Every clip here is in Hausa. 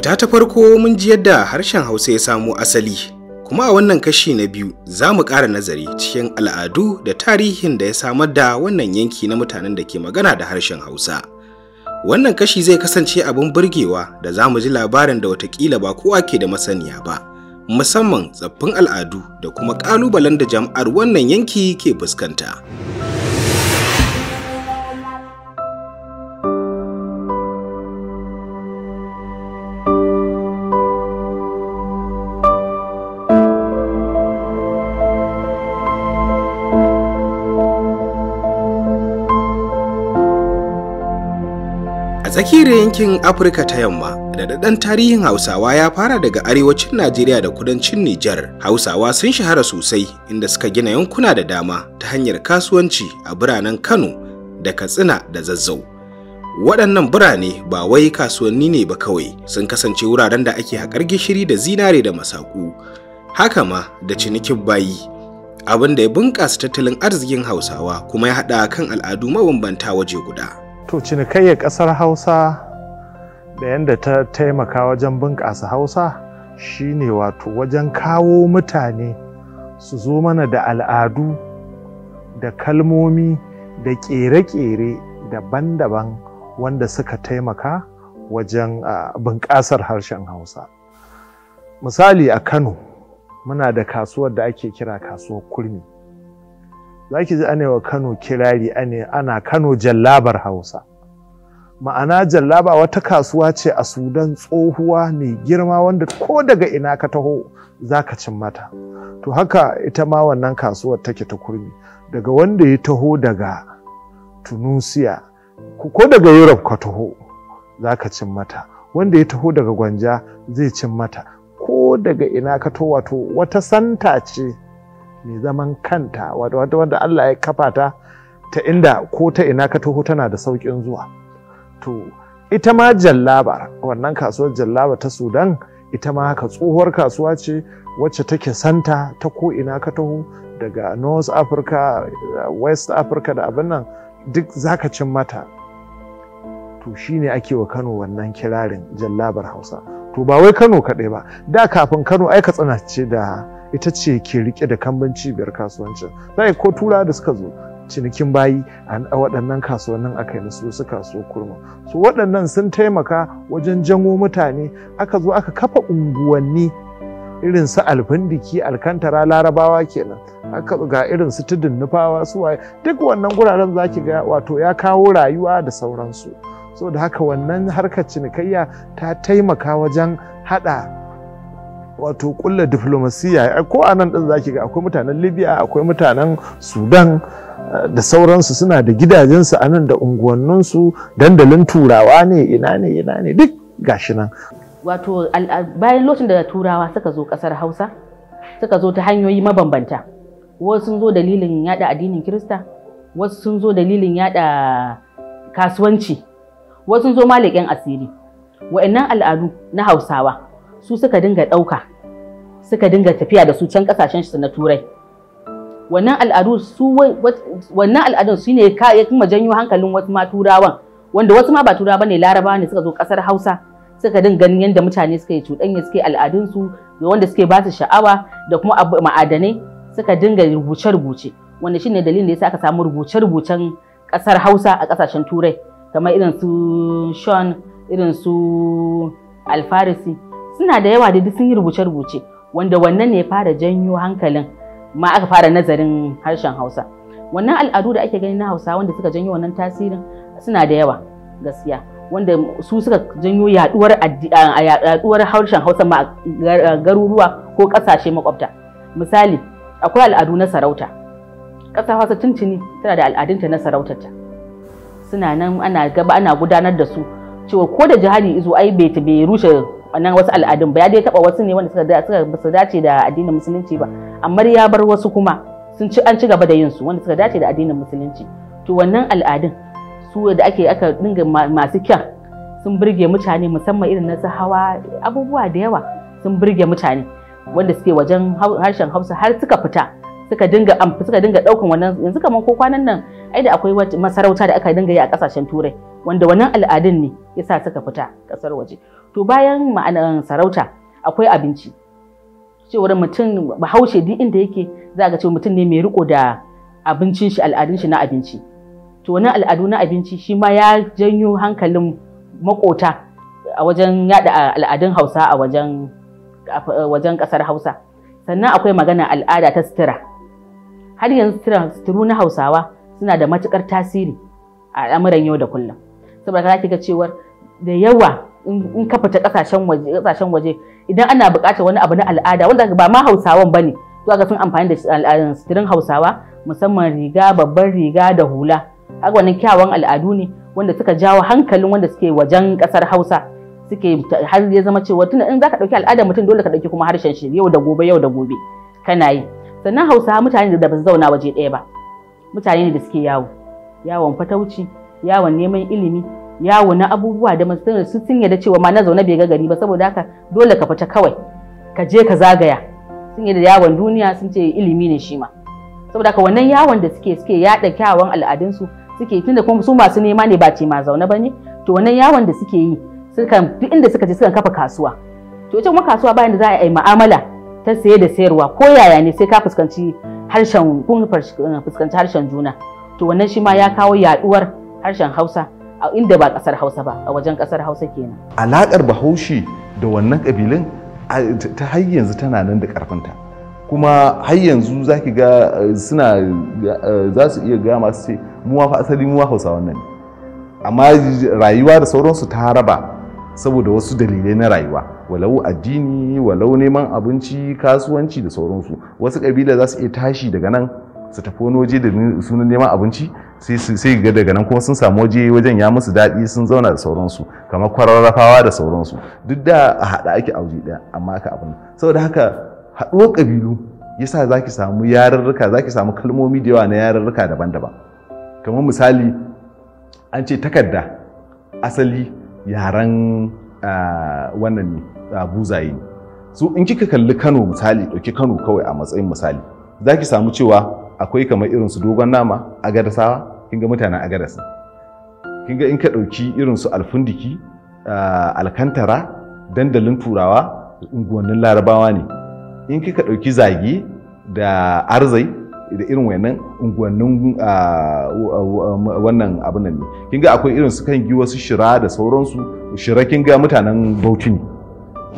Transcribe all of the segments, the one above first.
fita ta farko mun ji yadda harshen Hausa ya samo asali, kuma a wannan kashi na biyu za mu ƙara nazari cikin al'adu da tarihin da ya samar da wannan yanki na mutanen da ke magana da harshen Hausa. Wannan kashi zai kasance abin burgewa da za mu ji labarin da watakila ba kowa ke da masaniya ba, musamman tsaffin al'adu da kuma ƙalubalen da jam'ar wannan yanki ke fuskanta. Tsakiyar yankin Afirka ta yamma da daɗan tarihin Hausawa ya fara daga arewacin Najeriya da kudancin Nijar. Hausawa sun shahara sosai inda suka gina yankuna da dama ta hanyar kasuwanci a biranen Kano da Katsina da Zazzau. Waɗannan birane ba wai kasuwanni ne ba kawai sun kasance wuraren da ake haƙar gishiri da zinare da masaku, haka ma da cinikin bayi. Abin da ya bunƙasa tattalin arzikin Hausawa kuma ya haɗa kan al'adu mabambanta waje guda. to cinikayyar ƙasar hausa da yadda ta taimaka wajen bunƙasa hausa shi ne wato wajen kawo mutane su zo mana da al'adu da kalmomi da ƙere-ƙere daban-daban wanda suka taimaka wajen bunƙasar harshen hausa misali a kano muna da kasuwar da ake kira kasuwar kurmi za ki ji anewa Kano kirari ana Kano jallabar Hausa. Ma'ana jallaba wata kasuwa ce a Sudan tsohuwa ne girma wanda ko daga ina ka taho za ka cin mata. To haka ita ma wannan kasuwar take ta kurmi daga wanda ya taho daga Tunisia ko daga Europe ka taho za ka cin mata. Wanda ya taho daga Gwanja zai cin mata ko daga ina ka taho wato wata santa ce. mai zaman kanta wato wanda Allah ya kafa ta ta inda ko ta ina ka taho tana da sauƙin zuwa to ita ma jallaba wannan kasuwar jallaba ta sudan ita ma haka tsohuwar kasuwa ce wacce take santa ta ko ina ka taho daga north africa west africa da abin nan duk zaka cin mata to shine ake wa kano wannan kirarin jallabar hausa to ba wai kano kaɗai ba da kafin kano ai ka tsanace da ita ce ke rike da kamban cibiyar kasuwancin zai ko tura da suka zo cinikin bayi a waɗannan kasuwannin aka yi musu su kasuwar kurma su waɗannan sun taimaka wajen jango mutane aka zo aka kafa unguwanni irin su alfindiki alkantara larabawa kenan aka ga irin su tudun nufawa su waye duk wannan guraren zaki ga wato ya kawo rayuwa da sauransu so da haka wannan harkar cinikayya ta taimaka wajen haɗa wato kulla diflomasiyya ko a nan din zaki ga akwai mutanen libya akwai mutanen sudan eh, da sauransu suna da gidajensu a nan da unguwanninsu dandalin turawa ne ina ne ina ne duk gashi nan wato bayan lokacin da turawa suka zo kasar hausa suka zo ta hanyoyi mabambanta wasu sun zo dalilin yada addinin kirista wasu sun zo dalilin yada kasuwanci wasu sun zo asiri wa'annan al'adu na hausawa su suka dinga ɗauka suka dinga tafiya da su can ƙasashen su na turai wannan al'adu su wannan al'adun su ne ya kuma janyo hankalin wasu ma turawan wanda wasu ma ba turawa ne laraba ne suka zo ƙasar hausa suka dinga ganin yadda mutane suka yi cuɗanya suke al'adunsu da wanda suke ba su sha'awa da kuma ma'adanai suka dinga rubuce-rubuce wanda shine dalilin da yasa aka samu rubuce-rubucen ƙasar hausa a ƙasashen turai kamar irin su shon irin su alfarisi suna da yawa da sun yi rubuce-rubuce wanda wannan ne fara janyo hankalin ma aka fara nazarin harshen Hausa wannan al'adu da ake gani na Hausa wanda suka janyo wannan tasirin suna da yawa gaskiya wanda su suka janyo yaduwar yaduwar harshen Hausa ma garuruwa ko kasashe makwabta misali akwai al'adu na sarauta ƙasar Hausa tuntuni tana da al'adunta na sarautarta suna nan ana gaba ana gudanar da su cewa ko da jihadi izo ai bai rushe wannan wasu al'adun ba ya dai taba wasu ne wanda suka suka dace da addinin musulunci ba amma ya bar wasu kuma sun ci an ci gaba da yin su wanda suka dace da addinin musulunci to wannan al'adun su da ake aka dinga masu kyan sun burge mutane musamman irin na sahawa, abubuwa da yawa sun burge mutane wanda suke wajen harshen Hausa har suka fita suka dinga suka dinga daukan wannan yanzu kaman ko kwanan nan ai da akwai masarauta da aka dinga yi a kasashen turai wanda wannan al'adun ne yasa suka fita kasar waje to bayan ma'anar sarauta akwai abinci cewar mutum bahaushe duk inda yake za ga cewa mutum ne mai riko da abincin shi al'adun shi na abinci to wani al'adu na abinci shi ma ya janyo hankalin makota a wajen yada al'adun hausa a wajen wajen kasar hausa sannan akwai magana al'ada ta sutura har yanzu suturu na hausawa suna da matukar tasiri a al'amuran yau da kullum saboda ka ga cewar da yawa in ka fita kasashen waje kasashen waje idan ana buƙatar wani abu na al'ada wanda ba ma Hausawan bane to aka sun amfani da al'adun sitirin Hausawa musamman riga babban riga da hula haka wannan kyawun al'adu ne wanda suka jawo hankalin wanda suke wajen kasar Hausa suke har ya zama cewa tunda in zaka dauki al'adar mutum dole ka dauki kuma harshen shi yau da gobe yau da gobe kana yi sannan Hausawa mutane da ba su zauna waje ɗaya ba mutane ne da suke yawo yawon fatauci yawon neman ilimi yawo na abubuwa da masu sun sun da cewa ma na zaune bai ga gari ba saboda haka dole ka fita kawai ka je ka zagaya sun da yawon duniya sun ce ilimi ne shi ma saboda haka wannan yawon da suke suke yaɗa kyawawan al'adunsu suke tunda kuma su masu nema ne ba ce ma zaune ba ne to wannan yawon da suke yi sukan duk inda suka je sukan kafa kasuwa to ita kuma kasuwa bayan da za a yi mu'amala ta saye da sayarwa ko yaya ne sai ka fuskanci harshen kun fuskanci harshen juna to wannan shi ma ya kawo yaduwar harshen Hausa a inda ba kasar Hausa ba a wajen kasar Hausa kenan alakar Bahaushe da wannan kabilun ta har yanzu tana nan da karfinta kuma har yanzu zaki ga eh, suna eh, za su iya ga masu ce mu fa asali mu Hausa wannan amma rayuwa da sauransu ta raba saboda wasu dalilai na rayuwa walau addini walau neman abinci kasuwanci da sauransu wasu kabila za su iya tashi daga nan su tafi wani waje da sunan neman abinci sai ga daga nan kuma sun samu waje wajen ya musu daɗi sun zauna da sauransu kamar kwararrafawa da sauransu duk da a haɗa ake a ɗaya amma aka abin saboda haka haɗuwar ƙabilu ya sa za ki samu yarurruka za ki samu kalmomi da yawa na yarurruka daban-daban kamar misali an ce takarda asali yaren wannan ne buzaye ne so in kika kalli kano misali ɗauki kano kawai a matsayin misali za ki samu cewa akwai kamar irin su dogon nama a gadasawa kin ga mutanen gadasa kin ga in ka ɗauki irin su alfundiki ah, alkantara dandalin turawa unguwannin larabawa ne in kika ɗauki zage da arzai da irin ah, wannan unguwannin wannan abin nan ne kin ga akwai irin su kan gi su shira da sauransu shira kin ga mutanen bauchi ne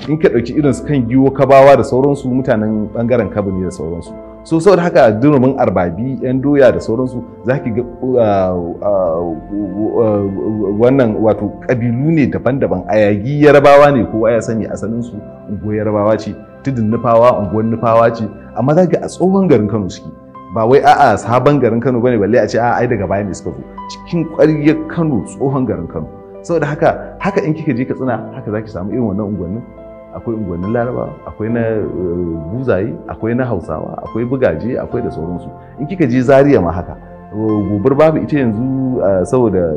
in ka ɗauki irin su kan giwo kabawa da sauransu mutanen ɓangaren kabi ne da sauransu so saboda haka durumin arbabi yan doya da sauransu za ki ga uh, uh, uh, wannan wato ƙabilu ne daban-daban ayagi yarabawa ne kowa ya sani asalinsu unguwar yarabawa ce tudun nufawa unguwar nufawa ce amma za ki a tsohon garin kano suke ba wai a'a sabon garin kano bane balle a ce a ai daga baya ne suka zo cikin ƙwaryar kano tsohon garin kano saboda haka haka in kika je ka tsina haka za ki samu irin wannan unguwannin akwai unguwannin laraba akwai na eh, buzaye akwai na hausawa akwai bugaje akwai da sauransu in kika je Zariya ma haka eh, gobar babu ita yanzu eh, saboda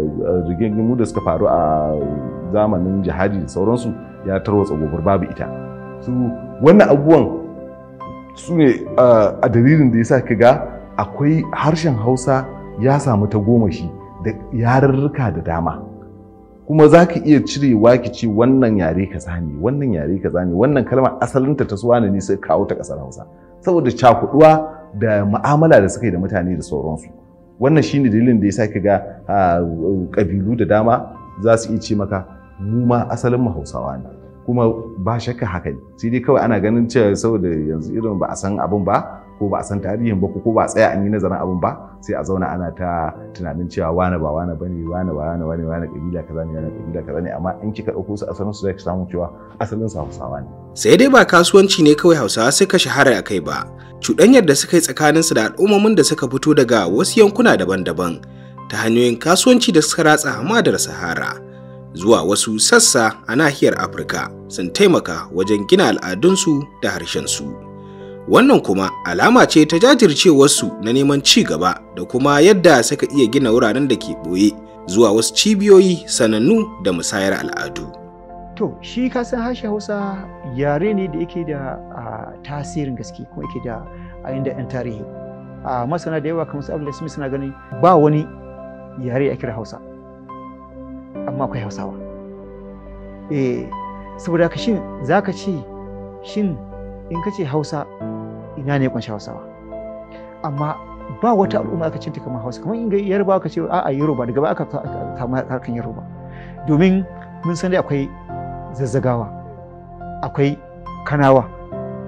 rigingimu da suka faru a zamanin jihadi da sauransu ya tarwatsa gobar babu ita su wannan abubuwan su ne a dalilin da ya sa ga akwai harshen hausa ya samu shi da yarurruka da dama kuma za ka iya cirewa ki ce wannan yare ka ne wannan yare ka ne wannan kalmar asalinta ta suwa ne sai kawo ta kasar hausa saboda cakuduwa da mu'amala da suka yi da mutane da sauransu wannan shine dalilin da ya sa ka ga kabilu da dama za su iya ce maka mu ma asalin mu hausawa ne kuma ba shakka haka ne sai dai kawai ana ganin cewa saboda yanzu irin ba a san abin ba ko ba a san tarihin ba ko ba a tsaya an yi nazarin abin ba sai a zauna ana ta tunanin cewa wane ba wane bane wane ba wane wane wane kabila kaza ne wane kabila kaza ne amma in kika dauko su asalin su zai samu cewa asalin su Hausawa ne sai dai ba kasuwanci ne kawai Hausawa suka shahara a kai ba cuɗanyar da suka yi tsakanin su da al'ummomin da suka fito daga wasu yankuna daban-daban ta hanyoyin kasuwanci da suka ratsa hamadar Sahara zuwa wasu sassa a nahiyar Afirka sun taimaka wajen gina al'adunsu da harshen su Wannan kuma alama ce ta jajircewarsu na neman ci gaba da kuma yadda suka iya gina wuraren da ke boye zuwa wasu cibiyoyi sanannu da musayar al'adu. To, shi kasan harshen Hausa yare ne da yake da tasirin gaske kuma yake da a inda 'yan tarihi. A masana da yawa kamar su abu Smith suna ganin ba wani yare a kira Hausa, amma akwai Hausawa. Eh, saboda ka shin za ka ce shin in ka ce Hausa ina ne kunshi hausawa amma ba wata al'umma aka cinta kamar hausa kamar in yarba aka ce a'a yoruba daga ba aka kama harkan yoruba domin mun san dai akwai zazzagawa akwai kanawa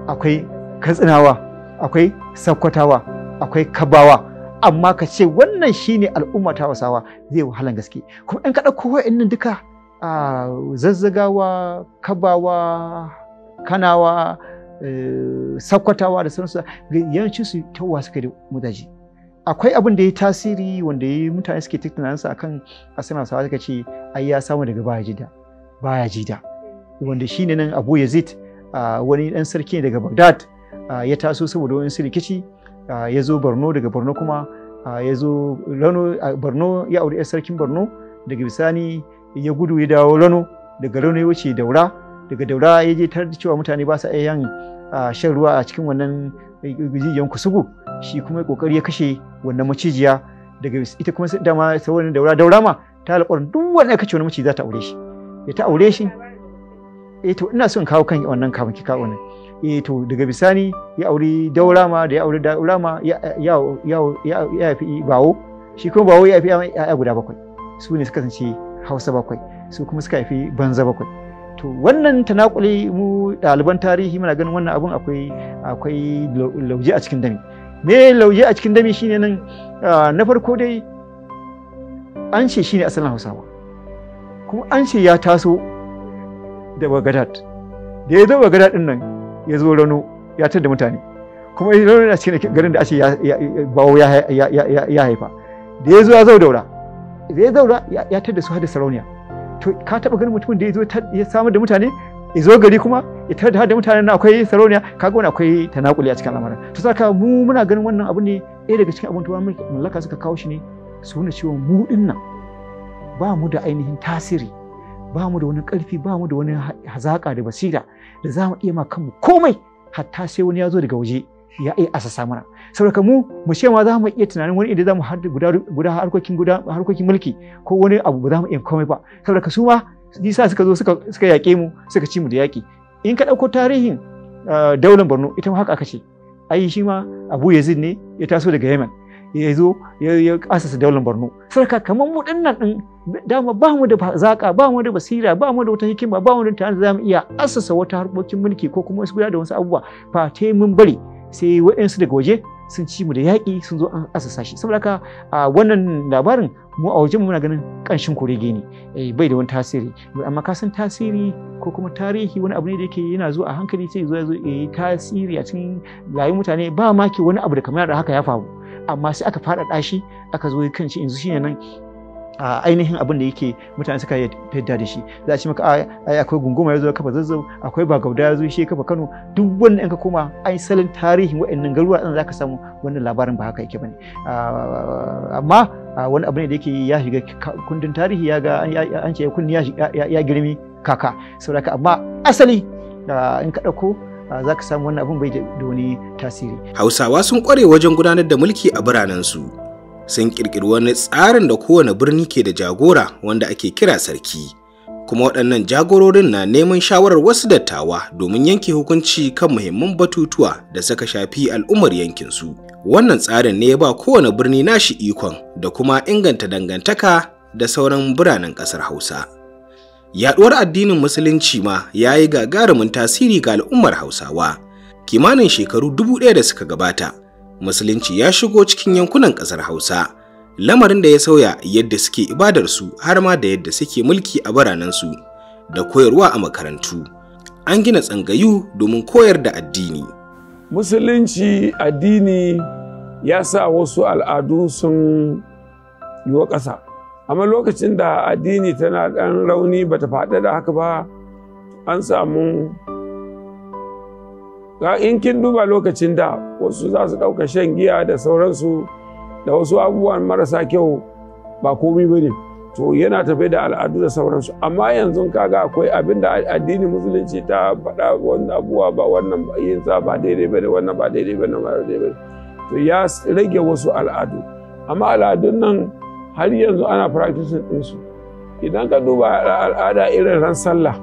akwai katsinawa akwai sakkwatawa akwai kabawa amma ka ce wannan shine al'umma ta hausawa zai wahalan gaske kuma in ka ɗauko wa'annan duka ah, zazzagawa kabawa kanawa Eh, sakwatawa da sanarsa yawancin su tawa suka da mudaji akwai abin da ya tasiri wanda ya mutane suke tattunansa akan a sana sawa suka ce ai ya samu daga baya jida baya jida wanda shine nan abu yazid wani dan sarki daga bagdad ya taso saboda wani rikici ya zo borno daga borno kuma ya zo borno ya auri sarkin borno daga bisani ya gudu ya dawo lano daga lano ya wuce daura daga daura ya je tar cewa mutane ba su yan shan ruwa a cikin wannan jijiyan eh, kusugu shi kuma kokari ya kashe wannan macijiya daga ita kuma dama sauran daura daura ma ta alƙawarin duk wanda aka ce wani maciji za ta aure shi ya ta aure shi eh to ina son kawo kan wannan kafin ki kawo nan eh to daga bisani ya auri daura ma da ya auri daura ma ya ya ya fi bawo shi kuma bawo ya fi ya guda bakwai su ne suka kasance hausa bakwai su kuma suka fi banza bakwai to wannan tanakuli mu ɗaliban tarihi muna ganin wannan abun akwai akwai lauje a cikin dami me lauje a cikin dami shine nan na farko dai an ce shine asalin hausawa kuma an ce ya taso da bagadat da ya zo bagadat din nan ya zo rano ya tar da mutane kuma ya rano a cikin garin da ake bawo ya haifa da ya zo ya zo daura da ya zaura ya tar da su har da sarauniya to ka taba ganin mutumin da ya zo ya samar da mutane ya zo gari kuma ya tarda da mutanen na akwai sarauniya kaga wani akwai tanakuli a cikin lamarin. to saka mu muna ganin wannan abu ne ɗaya daga cikin abin tuwa mallaka suka kawo shi ne su nuna cewa mu din nan ba mu da ainihin tasiri ba mu da wani ƙarfi ba mu da wani hazaƙa da basira da za mu iya ma kanmu komai hatta sai wani ya zo daga waje ya a asasa mana saboda mu mu ce ma za mu iya tunanin wani idan za mu guda guda harkokin guda harkokin mulki ko wani abu ba za mu iya komai ba saboda ka su ma sa suka zo suka yaƙe mu suka ci mu da yaƙi in ka ɗauko tarihin eh, daular Borno ita ma haka aka ce ai shi ma Abu Yazid ne ya taso daga Yemen ya zo ya asasa daular Borno saboda kamar mu dinnan din dama ba mu da zaka ba mu da basira ba mu da wata hikima ba mu da tunanin za mu iya asasa wata harkokin mulki ko kuma wasu guda da wasu abubuwa fa mun bari sai waɗansu daga waje sun ci mu da yaƙi sun zo an asasa shi saboda haka a wannan labarin mu a wajen muna ganin ƙanshin kurege ne eh, bai da wani tasiri amma ka san tasiri ko kuma tarihi wani abu ne da yake yana zuwa a hankali sai zuwa zo yi tasiri a cikin layin mutane ba ma ke wani abu da kamar da haka ya faru amma sai aka faɗaɗa shi aka zo kan shi yanzu shine nan a ainihin abin da yake mutane suka yadda da shi za a ce maka ai akwai gunguma ya kafa zazzau akwai gauda ya zo shi kafa kano duk wanda in ka koma ai salin tarihin waɗannan garuruwa ɗin zaka samu wannan labarin ba haka yake bane amma wani abu ne da yake ya shiga kundin tarihi ya ga an ce kunni ya girmi kaka saboda amma asali in ka ɗauko za ka samu wannan abin bai da wani tasiri. Hausawa sun kware wajen gudanar da mulki a biranensu sun ƙirƙiri wani tsarin da kowane birni ke da jagora wanda ake kira sarki kuma waɗannan jagororin na neman shawarar wasu dattawa domin yanke hukunci kan muhimman batutuwa da suka shafi al'ummar yankinsu wannan tsarin ne ya ba kowane birni nashi ikon da kuma inganta dangantaka da sauran biranen ƙasar hausa yaɗuwar addinin musulunci ma ya yi gagarumin tasiri ga al'ummar hausawa kimanin shekaru dubu ɗaya da suka gabata musulunci ya shigo cikin yankunan ƙasar hausa lamarin da ya sauya yadda suke ibadarsu har ma da yadda suke mulki a biranensu da koyarwa a makarantu an gina tsangayu domin koyar da addini musulunci addini ya sa wasu al'adu sun yi wa ƙasa amma lokacin da addini tana ɗan rauni bata da haka ba an samu in kin duba lokacin da wasu za su ɗauka shan giya da sauransu da wasu abubuwan marasa kyau ba komi ba ne to yana tafe da al'adu da sauransu amma yanzu kaga akwai abin da addinin musulunci ta faɗa wannan abubuwa ba wannan yin sa ba daidai ba ne wannan ba daidai ba ne ba daidai ba to ya rage wasu al'adu amma al'adun nan har yanzu ana practicing ɗinsu idan ka duba al'ada irin ran sallah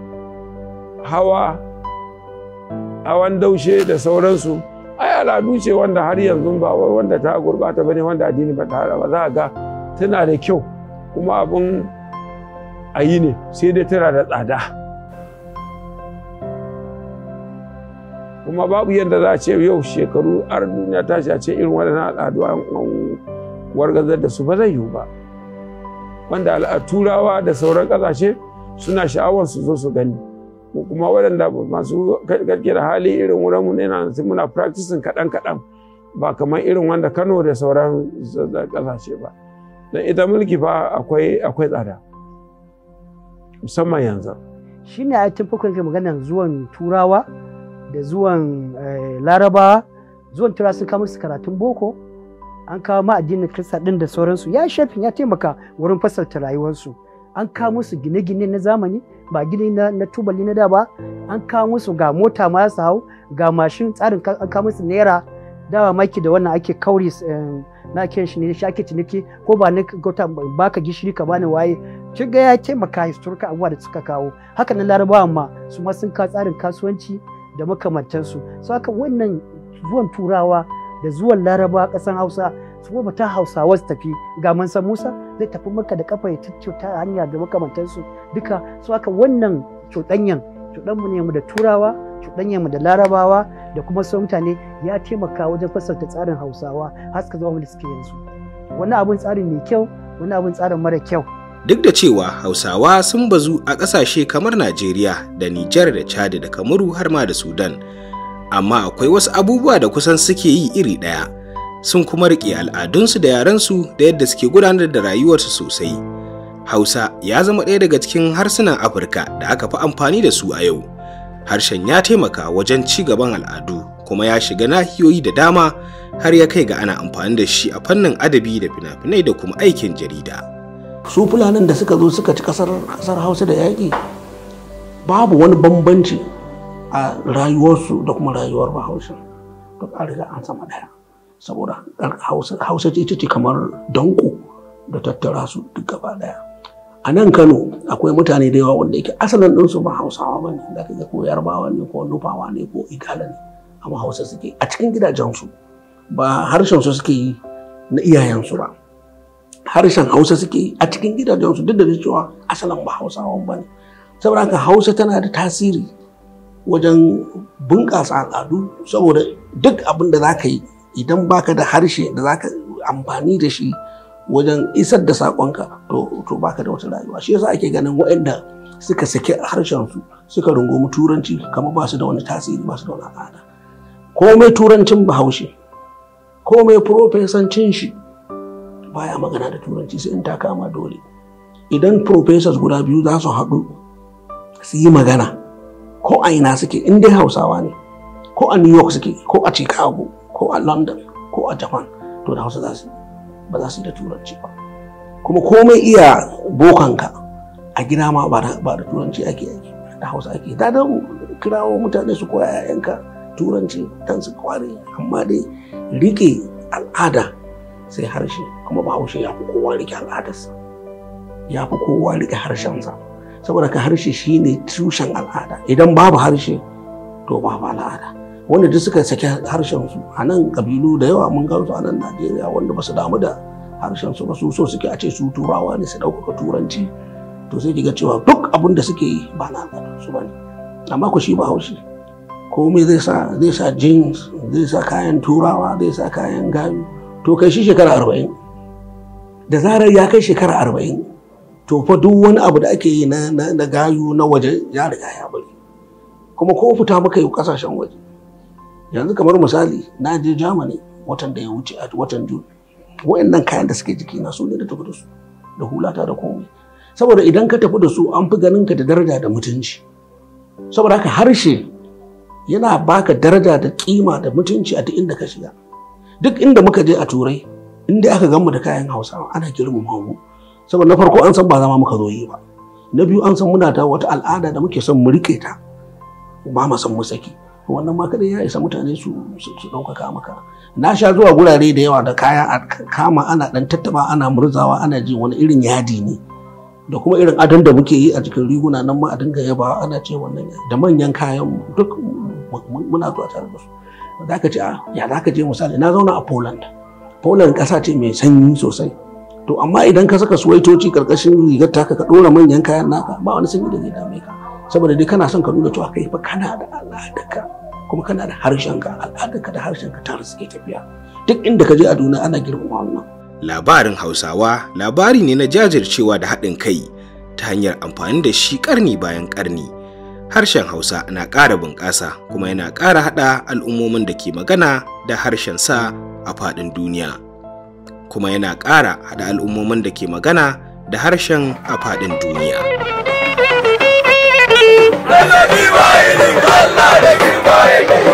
hawa awan daushe da sauransu ai al'adu ce wanda har yanzu ba wanda ta gurbata bane wanda addini ba ta ba za a ga tana da kyau kuma abun a yi ne sai dai tana da tsada kuma babu yadda za a ce yau shekaru har duniya ta a ce irin waɗannan al'adu an wargazar da su ba zai yiwu ba wanda al'adu turawa da sauran ƙasashe suna sha'awar su zo su gani ko kuma waɗanda masu karke da hali irin wurin mu yana muna practicing kaɗan kaɗan ba kamar irin wanda Kano da sauran ƙasashe ba don ita mulki fa akwai akwai tsada musamman yanzu shi ne a tafi kuka maganar zuwan turawa da zuwan eh, larabawa zuwan turawa sun kama su karatun boko an kawo ma addinin kirista din da sauransu ya shafin ya taimaka wurin fasalta rayuwarsu an kawo musu gine-gine na zamani ba gini na, na tubali na da ba an kawo musu ga mota ma su hau ga mashin tsarin an kawo musu naira dawa maki da wannan ake kauri eh, na ake shi ne shi ake ciniki ko ba ni ba baka gishiri ka bani waye kin ga ya taimaka historical abubuwa da suka kawo haka nan larabawa ma su ma sun kawo tsarin kasuwanci da makamantansu su haka wannan zuwan turawa da zuwan laraba kasan hausa su ba ta hausawa su tafi ga mansa musa zai tafi maka da kafa ya cuta hanya da makamantansu duka su aka wannan cuɗanyan cuɗanmu ne mu da turawa cuɗanyan mu da larabawa da kuma sauran mutane ya taimaka wajen fasalta tsarin hausawa har suka zama suke yanzu wani abun tsarin mai kyau wani abun tsarin mara kyau duk da cewa hausawa sun bazu a ƙasashe kamar najeriya da nijar da chad da kamaru har ma da sudan amma akwai wasu abubuwa da kusan suke yi iri ɗaya sun kuma riƙe al'adunsu da yarensu da yadda suke gudanar da rayuwarsu sosai. Hausa ya zama ɗaya daga cikin harsunan Afirka da aka fi amfani da su a yau. Harshen ya taimaka wajen ci gaban al'adu kuma ya shiga nahiyoyi da dama har ya kai ga ana amfani da shi a fannin adabi da fina-finai da kuma aikin jarida. Su fulanin da suka zo suka ci ƙasar Hausa da yaƙi babu wani bambanci a rayuwarsu da kuma rayuwar Bahaushe. Duk an riga an sama ɗaya. saboda hausa hausa ita ce kamar danko da tattara su duk gaba daya a nan kano akwai mutane da yawa wanda yake asalin ɗinsu ba hausawa ba ne da ga ko yarbawa ne ko nufawa ne ko igala ne amma hausa suke a cikin gidajensu ba harshen su suke yi na iyayensu ba harshen hausa suke yi a cikin gidajensu duk da cewa asalin ba Hausawa ba ne saboda haka hausa tana da tasiri wajen bunƙasa al'adu saboda duk abin da za ka yi idan baka da harshe da zaka amfani da shi wajen isar da saƙonka to baka da wata rayuwa shi yasa ake ganin waɗanda suka saki su, suka rungumi turanci kamar ba su da wani tasiri ba su da wani al'ada komai turancin bahaushe komai profesancin shi baya magana da turanci sai in ta kama dole idan professors guda biyu za su haɗu su yi magana ko a ina suke in dai hausawa ne ko a new york suke ko a chicago ko a london ko a japan to da hausa ba za su da turanci ba kuma komai iya bokanka a gida ma ba da turanci ake aiki da hausa ake da dan kirawo mutane su koya 'ya'yanka turanci dan su kware amma dai rike al'ada sai harshe kuma bahaushe ya fi kowa rike al'adarsa ya fi kowa rike harshensa saboda ka harshe shine tushen al'ada idan babu harshe to babu al'ada wanda duk suka saki harshen su a nan kabilu da yawa mun gansu a nan Najeriya wanda ba su damu da harshen su ba su so suke a ce su turawa ne su ɗaukaka turanci to sai kiga cewa duk abin da suke yi ba na su ba ne amma ku shi ba haushi komai zai sa zai sa jeans zai sa kayan turawa zai sa kayan gayu to kai shi shekara arba'in da zarar ya kai shekara arba'in to fa duk wani abu da ake yi na gayu na waje ya riga ya bari kuma ko fita muka yi kasashen waje yanzu kamar misali na je germany watan da ya wuce a watan june wayannan kayan da suke jiki na su ne da tafi da su da hulata da komai saboda idan ka tafi da su an fi ganin ka da daraja da mutunci saboda haka harshe yana baka daraja da kima da mutunci a duk inda ka shiga duk inda muka je a turai inda aka gamu da kayan hausa ana girmama mu saboda na farko an san ba zama muka zo yi ba na biyu an san muna da wata al'ada da muke son mu rike ta ba mu san mu saki wannan ma kadai ya isa mutane su ɗaukaka maka na sha zuwa gurare da yawa da kaya a kama ana ɗan tattaba ana murzawa ana ji wani irin yadi ne da kuma irin adon da muke yi a cikin riguna nan ma a dinga yaba ana ce wannan da manyan kayan duk muna zuwa tare da su da ka ce a, ah, ya za ka je misali na zauna a poland poland ƙasa ce mai sanyi sosai to amma idan ka saka suwaitoci karkashin rigar taka ka ɗora manyan kayan naka ba wani sanyi da zai dame ka saboda dai kana son ka nuna cewa kai fa kana da al'adarka kuma kana da harshenka al'adarka da harshenka ta suke tafiya duk inda ka je a duniya ana girmama wannan labarin hausawa labari ne na jajircewa da haɗin kai ta hanyar amfani da shi ƙarni bayan ƙarni harshen hausa na ƙara bunƙasa kuma yana ƙara haɗa al'ummomin da ke magana da harshen sa a faɗin duniya kuma yana ƙara haɗa al'ummomin da ke magana da harshen a faɗin duniya. الذي بعيد قال عليك بعيد